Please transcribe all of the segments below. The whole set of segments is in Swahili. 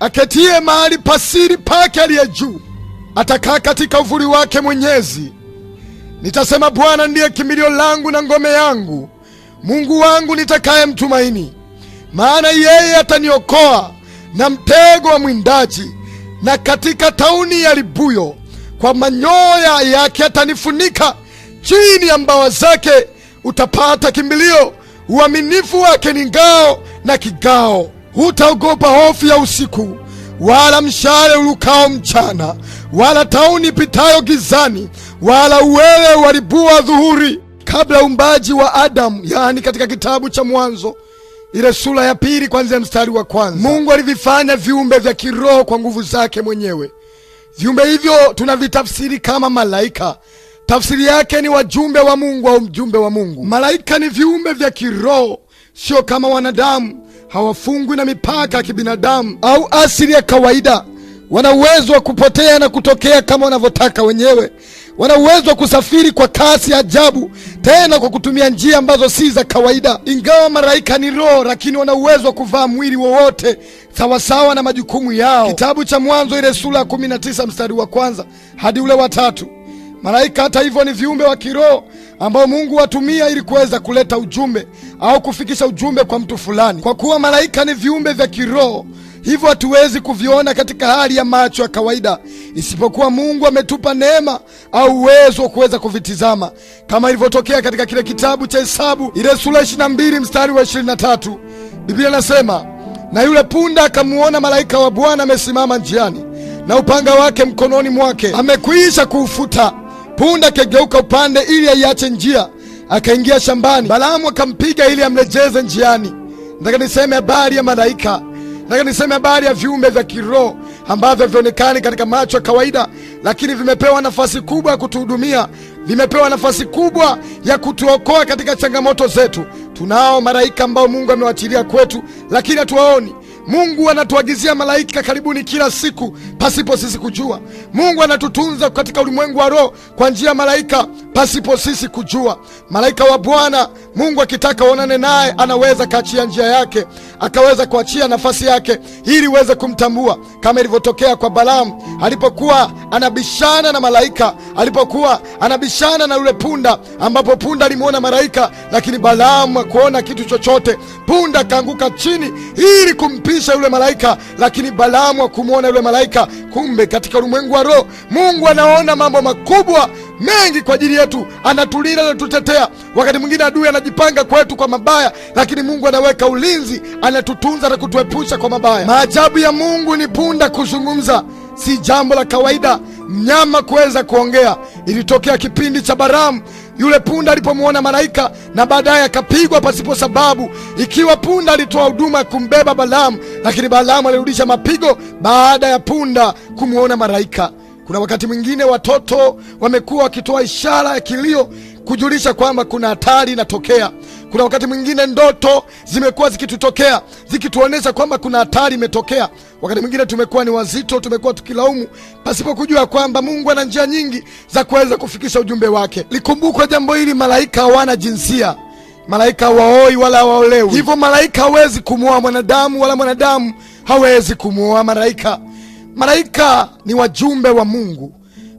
Aketie mahali pasiri pake aliye juu atakaa katika uvuli wake Mwenyezi. Nitasema, Bwana ndiye kimbilio langu na ngome yangu, Mungu wangu nitakaye mtumaini. Maana yeye ataniokoa na mtego wa mwindaji, na katika tauni ya libuyo. Kwa manyoya yake atanifunika, chini ya mbawa zake utapata kimbilio. Uaminifu wake ni ngao na kigao hutaogopa hofu ya usiku, wala mshale ulukao mchana, wala tauni pitayo gizani, wala uwele walibua dhuhuri. Kabla umbaji wa Adamu, yaani katika kitabu cha Mwanzo ile sura ya pili kwanzia mstari wa kwanza, Mungu alivifanya viumbe vya kiroho kwa nguvu zake mwenyewe. Viumbe hivyo tunavitafsiri kama malaika. Tafsiri yake ni wajumbe wa Mungu au mjumbe wa Mungu. Malaika ni viumbe vya kiroho, sio kama wanadamu hawafungwi na mipaka ya kibinadamu au asili ya kawaida. Wana uwezo wa kupotea na kutokea kama wanavyotaka wenyewe. Wana uwezo wa kusafiri kwa kasi ya ajabu, tena kwa kutumia njia ambazo si za kawaida. Ingawa malaika ni roho, lakini wana uwezo wa kuvaa mwili wowote sawasawa na majukumu yao. Kitabu cha Mwanzo ile sura ya kumi na tisa mstari wa kwanza hadi ule wa tatu. Malaika hata hivyo ni viumbe wa kiroho ambao Mungu watumia ili kuweza kuleta ujumbe au kufikisha ujumbe kwa mtu fulani. Kwa kuwa malaika ni viumbe vya kiroho, hivyo hatuwezi kuviona katika hali ya macho ya kawaida, isipokuwa Mungu ametupa neema au uwezo wa kuweza kuvitizama, kama ilivyotokea katika kile kitabu cha Hesabu ile sura 22 mstari wa 23. Biblia nasema, na yule punda akamuona malaika wa Bwana amesimama njiani na upanga wake mkononi mwake amekwisha kuufuta Punda akageuka upande ili aiache njia, akaingia shambani. Balaamu akampiga ili amrejeze njiani. Nataka niseme habari ya malaika, nataka niseme habari ya viumbe vya kiroho ambavyo havionekani katika macho ya kawaida, lakini vimepewa nafasi kubwa ya kutuhudumia, vimepewa nafasi kubwa ya kutuokoa katika changamoto zetu. Tunao malaika ambao Mungu amewatilia kwetu, lakini hatuwaoni. Mungu anatuagizia malaika karibuni kila siku pasipo sisi kujua. Mungu anatutunza katika ulimwengu wa roho kwa njia ya malaika pasipo sisi kujua. Malaika wa Bwana Mungu akitaka uonane naye, anaweza kaachia njia yake, akaweza kuachia nafasi yake ili uweze kumtambua, kama ilivyotokea kwa Balaamu alipokuwa anabishana na malaika, alipokuwa anabishana na yule punda, ambapo punda alimwona malaika, lakini Balaamu hakuona kitu chochote. Punda akaanguka chini ili kumpisha yule malaika, lakini Balaamu hakumwona yule malaika. Kumbe katika ulimwengu wa roho Mungu anaona mambo makubwa mengi kwa ajili yetu, anatulinda na tutetea. Wakati mwingine adui anajipanga kwetu kwa mabaya, lakini Mungu anaweka ulinzi, anatutunza na kutuepusha kwa mabaya. Maajabu ya Mungu ni punda kuzungumza, si jambo la kawaida mnyama kuweza kuongea. Ilitokea kipindi cha Baramu yule punda alipomwona malaika na baadaye akapigwa pasipo sababu. Ikiwa punda alitoa huduma ya kumbeba Balaamu, lakini Balaamu alirudisha mapigo baada ya punda kumwona malaika. Kuna wakati mwingine watoto wamekuwa wakitoa ishara ya kilio kujulisha kwamba kuna hatari inatokea. Kuna wakati mwingine ndoto zimekuwa zikitutokea zikituonyesha kwamba kuna hatari imetokea. Wakati mwingine tumekuwa ni wazito, tumekuwa tukilaumu pasipo kujua kwamba Mungu ana njia nyingi za kuweza kufikisha ujumbe wake. Likumbukwe jambo hili, malaika hawana jinsia. Malaika waoi wala waolewi, hivyo malaika hawezi kumwoa mwanadamu wala mwanadamu hawezi kumwoa malaika. Malaika ni wajumbe wa Mungu,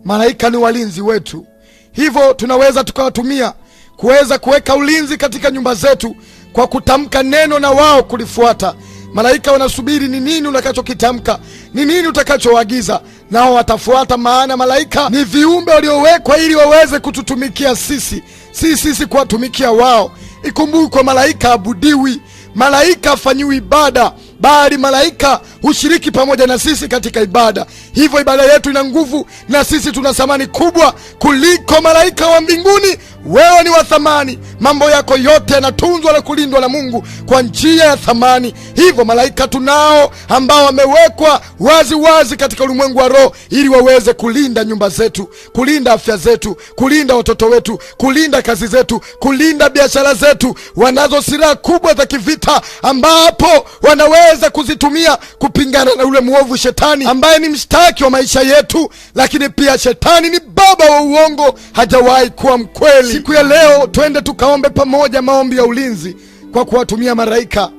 malaika ni walinzi wetu, hivyo tunaweza tukawatumia kuweza kuweka ulinzi katika nyumba zetu kwa kutamka neno na wao kulifuata. Malaika wanasubiri ni nini utakachokitamka, ni nini utakachoagiza, nao watafuata, maana malaika ni viumbe waliowekwa ili waweze kututumikia sisi, si sisi kuwatumikia wao. Ikumbukwe, malaika abudiwi, malaika afanyiwi ibada bali malaika hushiriki pamoja na sisi katika ibada. Hivyo ibada yetu ina nguvu na sisi tuna thamani kubwa kuliko malaika wa mbinguni wewe ni wa thamani, mambo yako yote yanatunzwa na kulindwa na Mungu kwa njia ya thamani. Hivyo malaika tunao ambao wamewekwa wazi wazi katika ulimwengu wa roho, ili waweze kulinda nyumba zetu, kulinda afya zetu, kulinda watoto wetu, kulinda kazi zetu, kulinda biashara zetu. Wanazo silaha kubwa za kivita, ambapo wanaweza kuzitumia kupingana na yule mwovu Shetani ambaye ni mshtaki wa maisha yetu, lakini pia Shetani ni baba wa uongo, hajawahi kuwa mkweli. Siku ya leo twende tukaombe pamoja maombi ya ulinzi kwa kuwatumia malaika.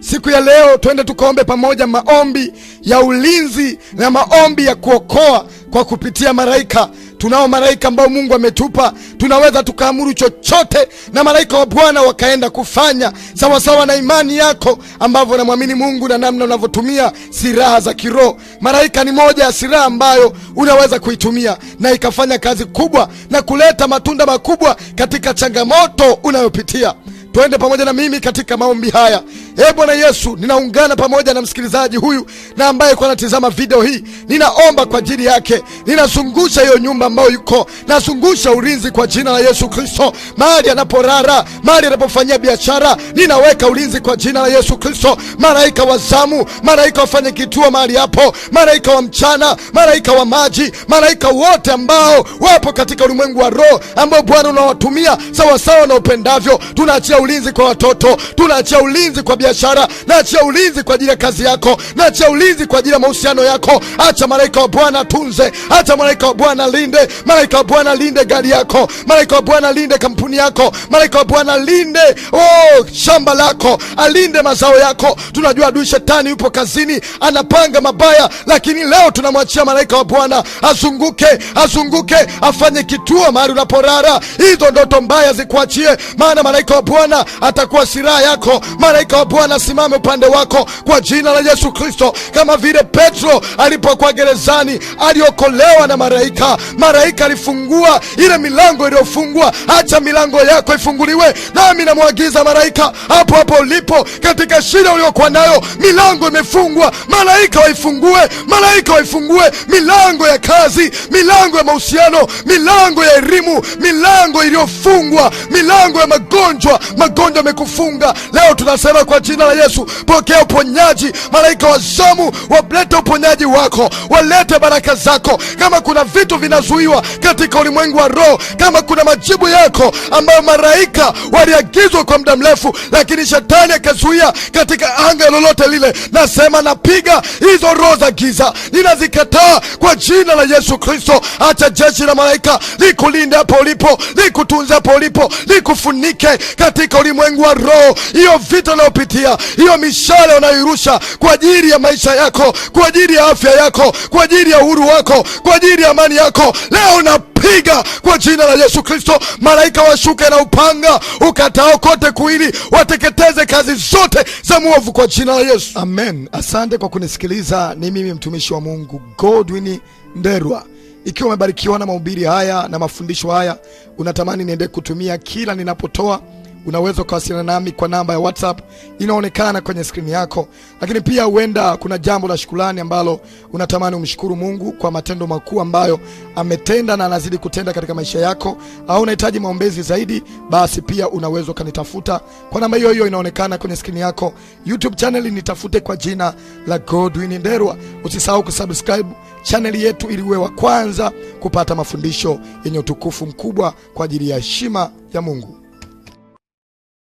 Siku ya leo twende tukaombe pamoja maombi ya ulinzi na maombi ya kuokoa kwa kupitia malaika tunao malaika ambao Mungu ametupa, tunaweza tukaamuru chochote na malaika wa Bwana wakaenda kufanya sawasawa na imani yako ambavyo unamwamini Mungu na namna unavyotumia silaha za kiroho. Malaika ni moja ya silaha ambayo unaweza kuitumia na ikafanya kazi kubwa na kuleta matunda makubwa katika changamoto unayopitia. Twende pamoja na mimi katika maombi haya. E Bwana Yesu, ninaungana pamoja na msikilizaji huyu na ambaye kwa anatizama video hii, ninaomba kwa ajili yake, ninazungusha hiyo nyumba ambayo yuko, nazungusha ulinzi kwa jina la Yesu Kristo. Mahali anaporara, mahali anapofanyia biashara, ninaweka ulinzi kwa jina la Yesu Kristo. Malaika wa zamu, malaika wafanye kituo mahali hapo, malaika wa mchana, malaika wa maji, malaika wote ambao wapo katika ulimwengu wa roho, ambao Bwana unawatumia sawasawa na upendavyo. Tunaachia ulinzi kwa watoto, tunaachia ulinzi kwa biashara biashara, naachia ulinzi kwa ajili ya kazi yako, naachia ulinzi kwa ajili ya mahusiano yako. Acha malaika wa Bwana tunze, acha malaika wa Bwana linde, malaika wa Bwana linde gari yako, malaika wa Bwana linde kampuni yako, malaika wa Bwana linde oh, shamba lako, alinde mazao yako. Tunajua adui shetani yupo kazini, anapanga mabaya, lakini leo tunamwachia malaika wa Bwana azunguke, azunguke, afanye kituo mahali unaporara. Hizo ndoto mbaya zikuachie, maana malaika wa Bwana atakuwa silaha yako, malaika wa Bwana Bwana asimame upande wako kwa jina la Yesu Kristo, kama vile Petro alipokuwa gerezani aliokolewa na malaika. Malaika alifungua ile milango iliyofungwa. Acha milango yako ifunguliwe, nami namwagiza malaika hapo hapo ulipo, katika shida uliokuwa nayo, milango imefungwa, malaika waifungue, malaika waifungue milango ya kazi, milango ya mahusiano, milango ya elimu, milango iliyofungwa, milango ya magonjwa. Magonjwa yamekufunga leo, tunasema kwa kwa jina la Yesu. Pokea uponyaji, malaika wa zamu walete uponyaji wako, walete baraka zako. Kama kuna vitu vinazuiwa katika ulimwengu wa roho, kama kuna majibu yako ambayo malaika waliagizwa kwa muda mrefu, lakini shetani akazuia katika anga lolote lile, nasema napiga hizo roho za giza, ninazikataa kwa jina la Yesu Kristo. Acha jeshi la malaika likulinde hapo ulipo, likutunze hapo ulipo, likufunike katika ulimwengu wa roho, hiyo vita inayopita unayopitia, hiyo mishale unayoirusha kwa ajili ya maisha yako, kwa ajili ya afya yako, kwa ajili ya uhuru wako, kwa ajili ya amani yako, leo unapiga piga kwa jina la Yesu Kristo. Malaika washuke na upanga ukatao kote kuili, wateketeze kazi zote za mwovu kwa jina la Yesu, amen. Asante kwa kunisikiliza. Ni mimi mtumishi wa Mungu Godwin Nderwa. Ikiwa umebarikiwa na mahubiri haya na mafundisho haya, unatamani niendelee kutumia kila ninapotoa unaweza ukawasiliana nami kwa namba ya WhatsApp inaonekana kwenye skrini yako, lakini pia huenda kuna jambo la shukrani ambalo unatamani umshukuru Mungu kwa matendo makuu ambayo ametenda na anazidi kutenda katika maisha yako, au unahitaji maombezi zaidi, basi pia unaweza ukanitafuta kwa namba hiyo hiyo inaonekana kwenye skrini yako. YouTube channel nitafute kwa jina la Godwin nderwa Usisahau kusubscribe chaneli yetu ili uwe wa kwanza kupata mafundisho yenye utukufu mkubwa kwa ajili ya heshima ya Mungu.